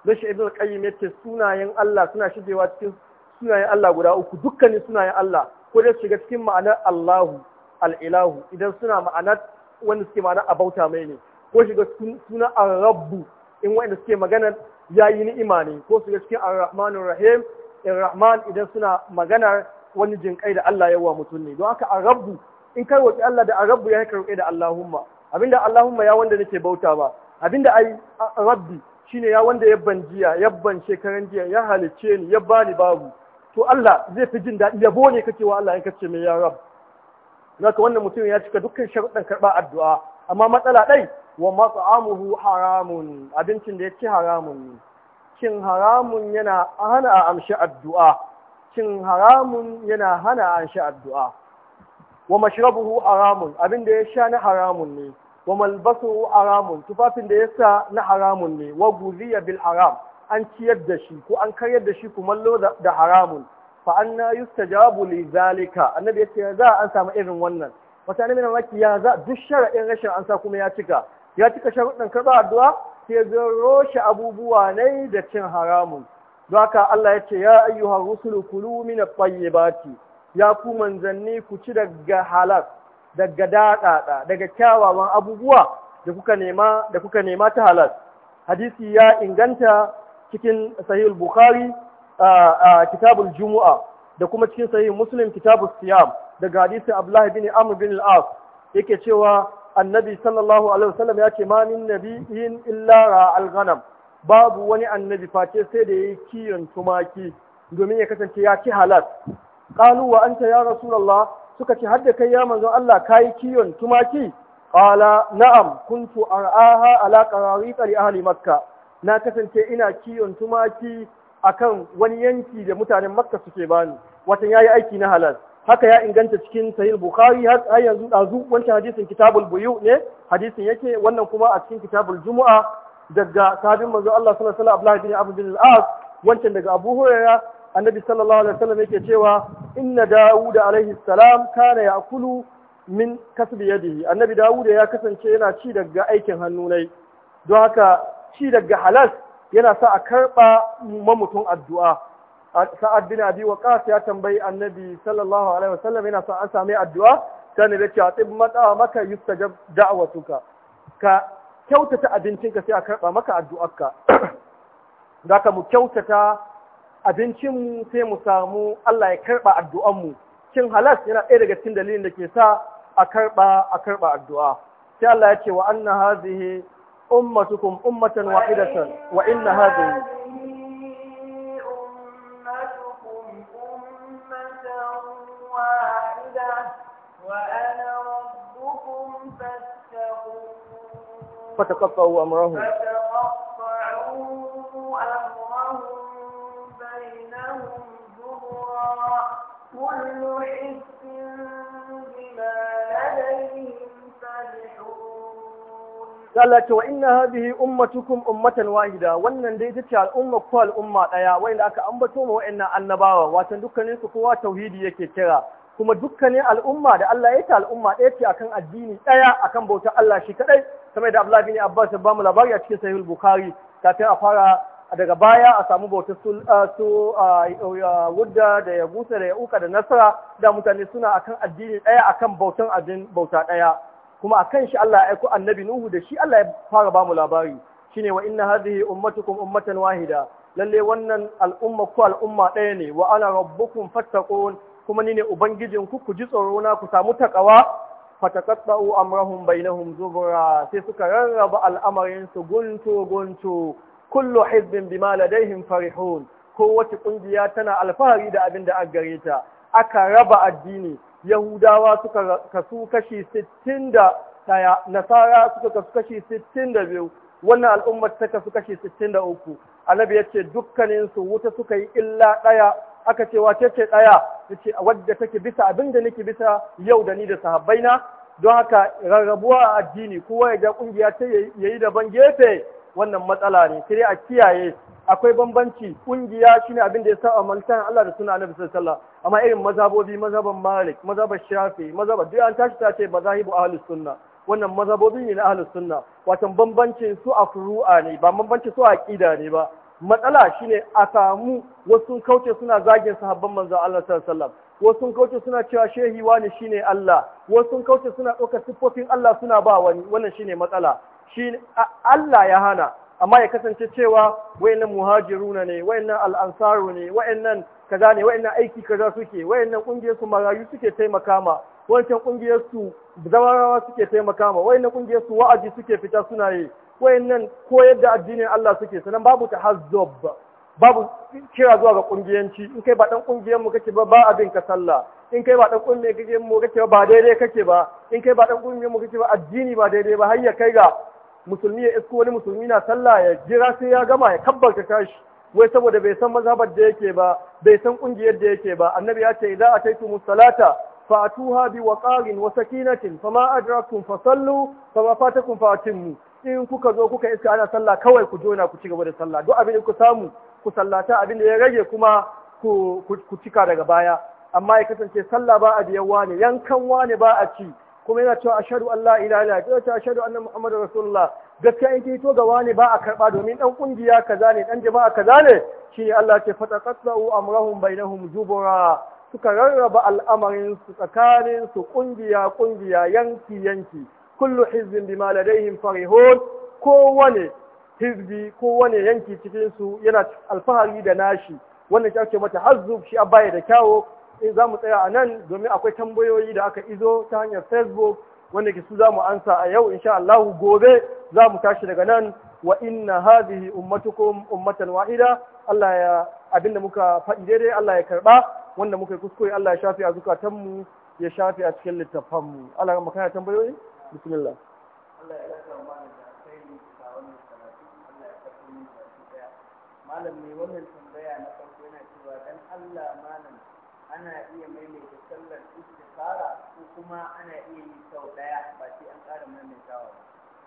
dan shi ibn qayyim yace sunayen Allah suna shigewa cikin sunayen Allah guda uku dukkanin sunayen Allah ko da shiga cikin ma'anar Allahu al-ilahu idan suna ma'anar wanda suke ma'ana a bauta mai ne ko shiga suna Arabu in wanda suke magana ya yi ni'ima ne ko shiga cikin arrahmanur rahim in rahman idan suna maganar wani jinkai da Allah yawa mutum ne don haka Arabu in kai roƙi Allah da rabu ya kai roƙi da Allahumma abinda Allahumma ya wanda nake bauta ba abinda ai rabbi shine ya wanda ya banjiya ya ban shekaran jiya ya halicce ni ya bani babu to Allah zai fi jin daɗi yabo ne kake wa Allah in kace mai ya rabb zaka wannan mutum ya cika dukkan sharuɗan karɓa addu'a amma matsala ɗai wa mat'amuhu haramun abincin da ya ci haramun ne cin haramun yana hana a amshi addu'a cin haramun yana hana amshi addu'a wa mashrabuhu haramun abin da ya sha na haramun ne wa malbasuhu haramun tufafin da ya sa na haramun ne wa guziya bil haram an ciyar da shi ko an karyar da shi kumallo da haramun fa anna ta li zalika annabi yace za an samu irin wannan wata ne mai ya za duk sharaɗin rashin an sa kuma ya cika ya cika sharaɗin karɓar addu'a sai zan roshe abubuwa ne da cin haramun ka Allah ya ce ya ayyuha rusulu kulu min at-tayyibati ya ku manzanni ku ci daga halal daga daɗaɗa daga kyawawan abubuwa da kuka nema ta halal hadisi ya inganta cikin sahih bukhari kitabul jumu'a da kuma cikin sahihin muslim kitabus siyam daga hadisin abdullah bin amr bin al-as yake cewa annabi sallallahu alaihi wasallam ya ce ma min nabiyyin illa al-ghanam babu wani annabi face sai da yayi kiyon tumaki domin ya kasance ya ci halal qalu wa anta ya rasulullah suka ce da kai ya manzon Allah kai kiyon tumaki qala na'am kuntu ar'aha ala qararit ahli makkah na kasance ina kiyon tumaki akan wani yanki da mutanen makka suke bani watan yayi aiki na halal haka ya inganta cikin sahih bukhari har yanzu dazu wancan hadisin kitabul buyu ne hadisin yake wannan kuma a cikin kitabul jumu'a daga sahabin manzo Allah sallallahu alaihi wasallam bin bin Abdul wancan daga Abu Hurairah annabi sallallahu alaihi wasallam yake cewa inna daud alaihi salam kana ya'kulu min kasbi yadihi annabi Dawud ya kasance yana ci daga aikin hannu nai don haka ci daga halal yana sa a karɓa mamutun addu'a sa'ad bin abi waqas ya tambayi annabi sallallahu alaihi wasallam yana sa an sami addu'a ta ne yace atib mada maka da'awa suka. ka kyautata abincinka sai a karɓa maka addu'arka Da ka mu kyautata abincinmu sai mu samu Allah ya karɓa addu'anmu cin halas yana ɗaya daga cikin dalilin da ke sa a karɓa addu'a sai Allah ya ce wa anna أمتكم أمة واحدة وإن هذه أمتكم أمة واحدة وأنا ربكم فاتقون فتقطعوا أمرهم فتقطعوا أمرهم بينهم زبرا كل حزب Allah ce wa inna hadhihi ummatukum ummatan wahida wannan dai ita ce al'umma ko al'umma daya wanda aka ambato ma wayannan annabawa wato dukkanin su kowa tauhidi yake kira kuma dukkanin al'umma da Allah ya ta al'umma daya ce akan addini daya akan bautar Allah shi kadai kamar da Abdullah bin Abbas ba mu labari a cikin Sahih Bukhari kafin a fara daga baya a samu bautar su uh, su uh, uh, wudda da ya gusa da ya uka da nasara da mutane suna akan addini daya akan bautan abin bauta daya kuma akan shi Allah ya aiko annabi Nuhu da shi Allah ya fara bamu labari shine wa inna hadhihi ummatukum ummatan wahida lalle wannan al'umma ku al'umma ɗaya ne wa ana rabbukum fattaqun kuma ni ne ubangijin ku ku ji tsoro na ku samu takawa fataqatta'u amrahum bainahum zubra sai suka rarraba al'amarin su gunto gunto kullu hizbin bima ladaihim farihun kowace kungiya tana alfahari da abin da aka gare ta aka raba addini yahudawa suka kasu kashi sittin da taya, nasara suka kasu kashi sittin da biyu, wannan al'ummar ta kasu kashi sittin uku. annabi ya ce dukkaninsu wuta suka yi illa ɗaya aka ce wace ce ɗaya ya ce wadda take bisa abin da nake bisa yau da ni da sahabbaina don haka rarrabuwa a addini kowa ya ga ƙungiya ta yayi daban gefe wannan matsala ne sai a kiyaye akwai bambanci kungiya shine abin da ya saba mantan Allah da suna Annabi sallallahu alaihi wasallam amma irin mazhabobi mazhaban Malik mazhaban Shafi mazhaban duk an tashi ta ce mazahibu ahlus sunna wannan mazhabobi ne na ahlus sunna wato bambancin su a furu'a ne ba bambancin su a aqida ne ba matsala shine a samu wasu kauce suna zagin sahabban manzo Allah sallallahu alaihi wasallam wasu kauce suna cewa shehi wani shine Allah wasu kauce suna ɗaukar siffofin Allah suna ba wani wannan shine matsala shi Allah ya hana amma ya kasance cewa wayannan muhajiruna ne wayannan al'ansaru ne wayannan kaza ne wayannan aiki kaza suke wayannan kungiyar su marayu suke taimaka ma wancan kungiyar su zamarawa suke taimaka ma wayannan kungiyar su wa'azi suke fita suna yi wayannan koyar da addinin Allah suke sanan babu tahazzub babu kira zuwa ga kungiyanci in kai ba dan kungiyar mu kake ba ba abin ka sallah in kai ba dan kungiyar kake mu kake ba daidai kake ba in kai ba dan kungiyar mu kake ba addini ba daidai ba har ya kai ga musulmi ya isko wani musulmi na sallah ya jira sai ya gama ya kabbarta tashi wai saboda bai san mazhabar da yake ba bai san kungiyar da yake ba annabi ya ce idza ataytum salata fa'tuha bi waqarin wa sakinatin fama adrakum fasallu fama fatakum atimmu in kuka zo kuka iska ana sallah kawai ku jona ku cigaba da sallah duk abin da ku samu ku sallata abin da ya rage kuma ku cika daga baya amma ya kasance sallah ba a biyan wane yankan wane ba a ci kuma yana cewa ashadu Allah la ilaha illa Allah ta ashhadu anna muhammadar rasulullah gaskiya in kai to gawa ne ba a karɓa domin dan kungiya kaza ne dan jama'a kaza ne shi Allah ce fataqatu amrahum bainahum zubura suka rarraba al'amarin su tsakanin su kungiya kungiya yanki yanki kullu hizbin bima ladaihim farihun kowane hizbi kowane yanki cikin su yana alfahari da nashi wannan ake mata hazzub shi abaye da kyawo Eh, za mu tsaya a nan domin akwai tambayoyi da aka izo ta hanyar facebook wanda ke su za mu ansa a yau insha Allah gobe za mu tashi daga nan wa inna hadhihi ummatukum ummatan wahida Allah ya abinda muka faɗi daidai Allah ya karba wanda muka yi kuskure Allah ya shafi a zukatan mu ya shafi a cikin littafan mu Allah ya makana tambayoyi bismillah Allah ya rasa mana da kai ta wannan karatu Allah ya karbi mu da malam ne wannan tambaya na farko yana cewa dan Allah ma ana iya maimaita sallar istikhara ko kuma ana iya yi sau daya ba sai an ƙara maimaitawa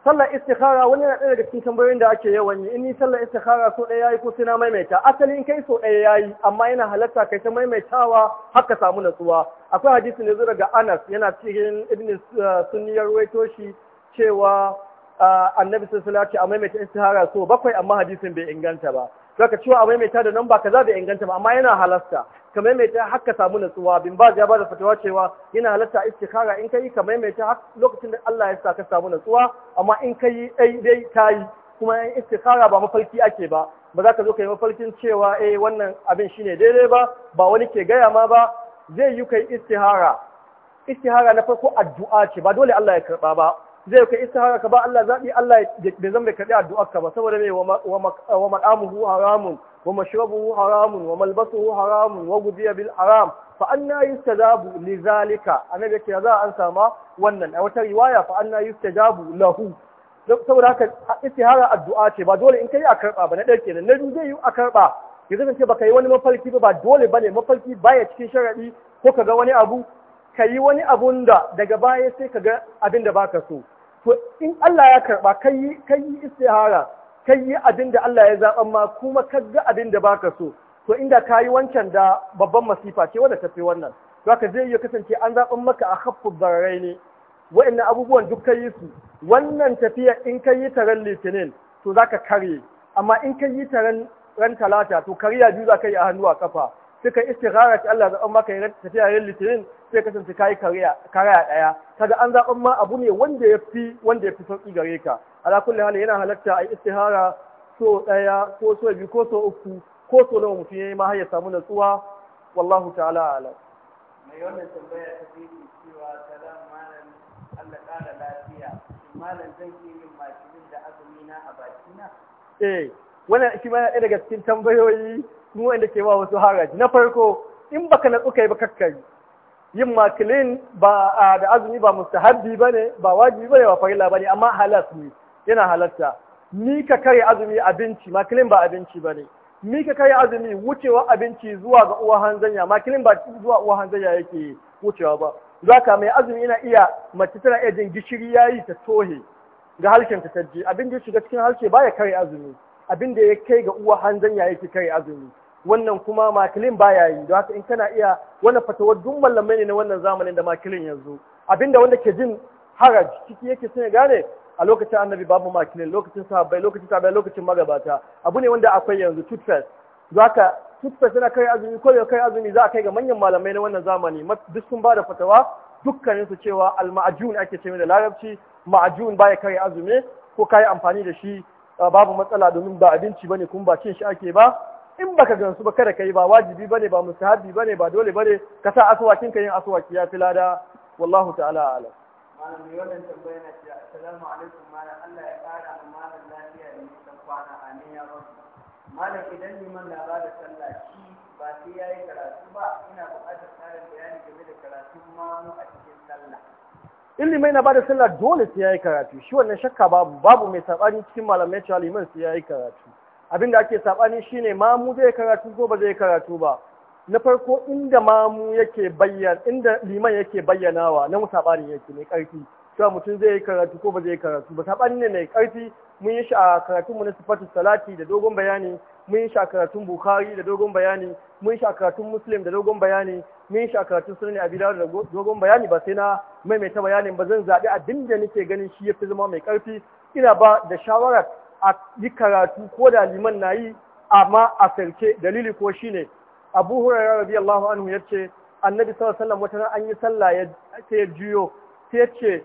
sallar istikhara wani na ɗaya daga cikin tambayoyin da ake yawan yi in ni sallar istikhara so ɗaya yayi ko sai na maimaita asali in kai so ɗaya yayi amma yana halatta kai ta maimaitawa haka samu natsuwa akwai hadisi ne zuwa daga Anas yana cikin Ibn uh, Sunni ya ruwaito shi cewa uh, annabi sallallahu alaihi wasallam a maimaita istikhara so bakwai amma hadisin bai inganta ba zaka cewa a maimaita da nan ba kaza da inganta ba amma yana halasta ka maimaita har ka samu natsuwa bin ba ya bada fatawa cewa yana halasta istikhara in kai ka maimaita har lokacin da Allah ya sa ka samu nutsuwa amma in kai dai dai tayi kuma in istikhara ba mafarki ake ba ba za ka zo ka yi mafarkin cewa eh wannan abin shine daidai ba ba wani ke gaya ma ba zai yi kai istihara istihara na farko addu'a ce ba dole Allah ya karba ba zai kai istihara ka ba Allah zaɓi Allah bai zama bai karɓi ka ba saboda mai wa mal'amuhu haramun wa mashrabuhu haramun wa malbasuhu haramun wa gudiya bil haram fa anna yustajabu li zalika annabi ce za an sama wannan a wata riwaya fa anna yustajabu lahu saboda haka istihara addu'a ce ba dole in kai a karɓa ba na ɗauke da. na zai yi a karɓa ya ba baka yi wani mafarki ba ba dole bane mafarki baya cikin sharaɗi ko ka ga wani abu ka yi wani abun da daga baya sai ka ga abin da baka so to in Allah ya karba kai yi istihara kai yi abin da Allah ya zaɓa ma kuma ka ga abin da baka so to inda ka yi wancan da babban masifa ce wanda tafi wannan Za zai iya kasance an zaɓa maka a haffu bararai ne wa'annan abubuwan duk ka yi su wannan tafiya in ka yi taron litinin to ka karye amma in ka yi taron ran talata to kariya biyu za ka yi a hannu a kafa sai ka istighara ce Allah maka yi tafiya ran litinin sai kasance kayi karaya ɗaya kaga an zaɓan ma abu ne wanda ya fi wanda ya fi sauƙi gare ka ala kulli hali yana halatta a istihara so ɗaya ko so biyu ko so uku ko so nawa mutum ya yi ma har ya samu natsuwa wallahu ta'ala ala mai wannan tambaya ta fi cewa salam malam Allah ƙara lafiya malam zan iya yin makilin da azumi na a bakina eh wannan shi ma yana daga cikin tambayoyi mu wanda ke ba wasu haraji na farko in baka natsu kai ba kakkari yin makilin ba da azumi ba mustahabbi Habbi ba wajibi ne ba farilla ne, amma halas ne yana halatta ni ka kare azumi abinci makilin ba abinci ba ne. ni ka kare azumi wucewa abinci zuwa ga uwa hanzanya makilin ba zuwa uwa hanzanya yake wucewa ba Za ka mai azumi yana iya mace tana iya jin gishiri yi ta tohe ga halkin ta abin da ya shiga cikin halke ya kare azumi abin da ya kai ga uwa hanzanya yake kare azumi wannan kuma makilin baya yi don haka in kana iya wani fatawar duk mallamai ne na wannan zamanin da makilin yanzu abinda wanda ke jin haraj ciki yake sun gane a lokacin annabi babu makilin lokacin sahabbai lokacin sahabbai lokacin magabata abu ne wanda akwai yanzu toothpaste haka toothpaste yana kai azumi ko kai azumi za a kai ga manyan malamai na wannan zamani duk sun bada fatawa dukkanin su cewa al-ma'jun ake cewa da larabci ma'jun baya kai azumi ko kai amfani da shi babu matsala domin ba abinci bane kuma ba cin shi ake ba in baka gansu ba kada kai ba wajibi bane ba mustahabi bane ba dole bane ka sa asuwakin ka yin asuwaki. ya fi lada wallahu ta'ala alam malam ne wannan tambaya na ce assalamu alaikum malam Allah ya kara mu malam lafiya da mutan kwana amin ya rabbi malam idan liman na ba da sallah shi ba sai yayi karatu ba ina buƙatar karin bayani game da karatun mamu a cikin sallah Ilimai na bada sallah dole sai yayi karatu shi wannan shakka babu babu mai sabani cikin malamai cewa liman sai yayi karatu abin da ake saɓani shine mamu zai karatu ko ba zai karatu ba na farko inda mamu yake bayyana inda liman yake bayyanawa na musaɓani yake mai ƙarfi cewa mutum zai yi karatu ko ba zai karatu ba saɓani ne mai ƙarfi mun yi shi a karatun mu na salati da dogon bayani mun yi shi a karatun bukhari da dogon bayani mun yi shi a karatun muslim da dogon bayani mun yi shi a karatun sunan a dawud da dogon bayani ba sai na maimaita bayanin ba zan zaɓi abin da nake ganin shi fi zama mai ƙarfi ina ba da shawarar a yi karatu ko da liman na yi amma a sarke dalili ko shine abu Rabi Allahu anhu ya ce annabi sallallahu alaihi wata an yi sallah ya ce ya juyo sai ya ce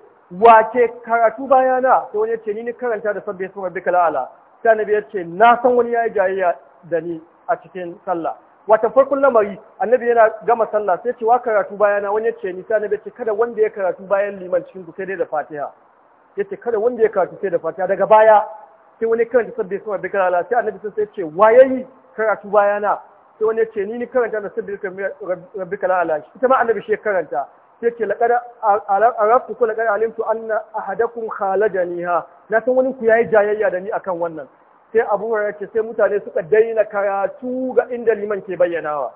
ke karatu bayana sai wani ya ce ni ne karanta da sabbi sun rabbika kala'ala sai annabi ya ce na san wani ya yi jayayya da ni a cikin sallah wata farkon lamari annabi yana gama sallah sai ce wa karatu bayana wani ya ce ni sai annabi ya ce kada wanda ya karatu bayan liman cikin ku sai dai da fatiha ya ce kada wanda ya karatu sai da fatiha daga baya sai wani karanta sabbi sun rabbi kalala sai annabi sun sai ce waye yi karatu bayana sai wani ce ni ni karanta da sabbi rabbi kalala ita ma annabi shi karanta sai ce laqad arabtu ko laqad alimtu anna ahadakum ha. na san wani ku yayi jayayya da ni akan wannan sai Abu Hurairah ce sai mutane suka daina karatu ga inda liman ke bayyanawa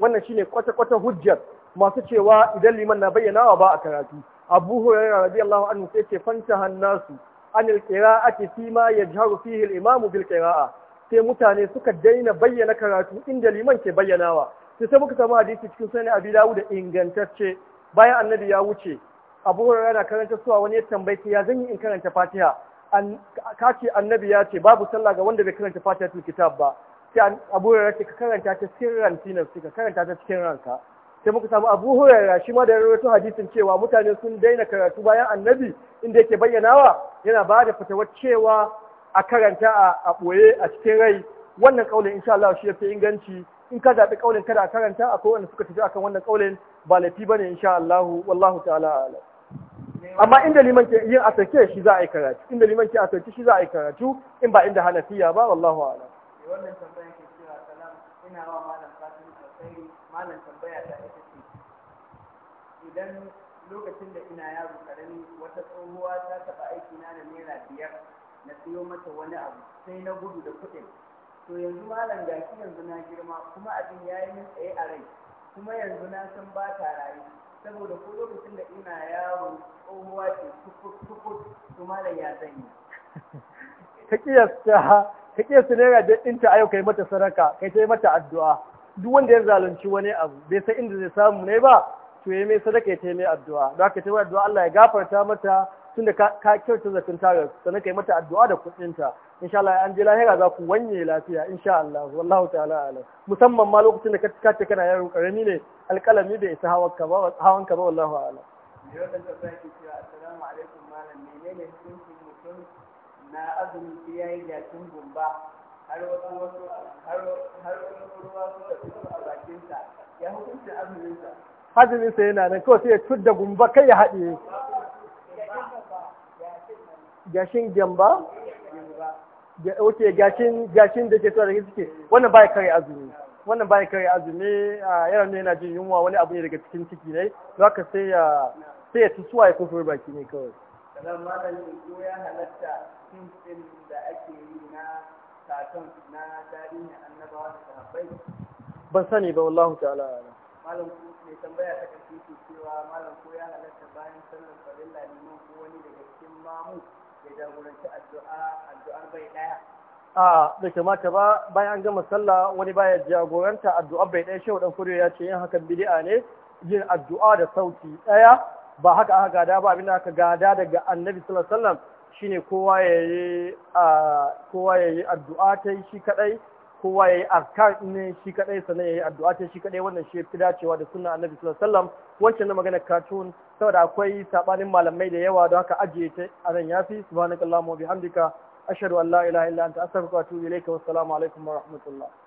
wannan shine kwata-kwata hujjar masu cewa idan liman na bayyanawa ba a karatu Abu Hurairah radiyallahu anhu sai ce fanta hannasu an alƙira'ati fi ma yajharu fihi al-imamu bil qira'a sai mutane suka daina bayyana karatu inda liman ke bayyanawa sai sai muka samu hadisi cikin sunan Abi da ingantacce bayan annabi ya wuce Abu Hurairah yana karanta suwa wani ya tambaye ya zan yi in karanta Fatiha ka ce annabi ya ce babu sallah ga wanda bai karanta Fatiha kitab ba sai Abu Hurairah ka karanta ta sirran tinan ka karanta ta cikin ranka sai muka samu abu hurara shi ma da rarrato hadisin cewa mutane sun daina karatu bayan annabi inda yake bayyanawa yana ba da fatawar cewa a karanta a ɓoye a cikin rai wannan kaulin insha Allah shi yafi inganci in ka zaɓi kaulin kada a karanta akwai wanda suka tafi akan wannan kaulin ba laifi bane insha Allah wallahu ta'ala ala. amma inda liman ke yin asake shi za a yi karatu inda liman ke asake shi za a yi karatu in ba inda hanafiya ba wallahu ala. Eh, wannan tambayar ke cewa salam ina wa malam fatima alkhairi malam idan lokacin da ina yaro karami wata tsohuwa ta taɓa aiki na da naira biyar na siyo mata wani abu sai na gudu da kuɗin to yanzu malam gashi yanzu na girma kuma abin ya yi min tsaye a rai kuma yanzu na san ba ta rayu saboda ko lokacin da ina yaro tsohuwa ce tukut to malam ya zan yi ka kiyasta ka kiyasta naira biyar in ta yau kai mata sadaka kai ta mata addu'a duk wanda ya zalunci wani abu bai san inda zai samu ne ba to yayi mai sadaka ya taimai addu'a don haka taimai addu'a Allah ya gafarta mata tun da ka kyauta zakin tarar sannan yi mata addu'a da kuɗin ta insha Allah an je lahira za ku wanye lafiya insha Allah wallahu ta'ala alam musamman ma lokacin da ka ce kana yaro karami ne alƙalami da isa hawan ka ba hawan ka ba wallahu alam yau da ta sake cewa assalamu alaikum malam menene hukuncin mutum na azumi sai yayi jakin gumba har wasu wasu har har wasu ruwa suka fito a bakin sa ya hukunta azumin sa hajjiminsa yana nan kawai sai ya cuta gumba kai ya haɗe gashin gyamba ok gashin gashin da ke tsara da suke wannan baya kare azumi wannan baya kare azumi yaran ne yana jin yunwa wani abu ne daga cikin ciki ne za ka sai ya sai ya tusuwa ya kofar baki ne kawai sannan malamin ko ya halatta fim ɗin da ake yi na katon na tarihin annabawa da sahabbai ban sani ba wallahu ta'ala malam mai tambaya ta karshe ke cewa malam ko ya halatta bayan sallar farilla liman ko wani daga cikin mamu ya jagoranci addu'a addu'ar bai daya a da kamata ba bayan an gama sallah wani baya jagoranta addu'a bai daya shehu dan kuriyo ya ce yin hakan bid'a ne yin addu'a da sauti daya ba haka aka gada ba abin aka gada daga annabi sallallahu alaihi wasallam shine kowa yayi kowa yayi addu'a ta shi kadai kowa ya yayi azkar ne shi kadai ya yi addu'a ce shi kadai wannan shi fi dacewa da suna annabi sallallahu alaihi wasallam wancan na magana cartoon saboda akwai sabanin malamai da yawa don haka ajiye ta a nan yafi subhanakallahumma wa bihamdika ashhadu an la ilaha illa anta astaghfiruka wa atubu ilayka wassalamu alaikum wa rahmatullah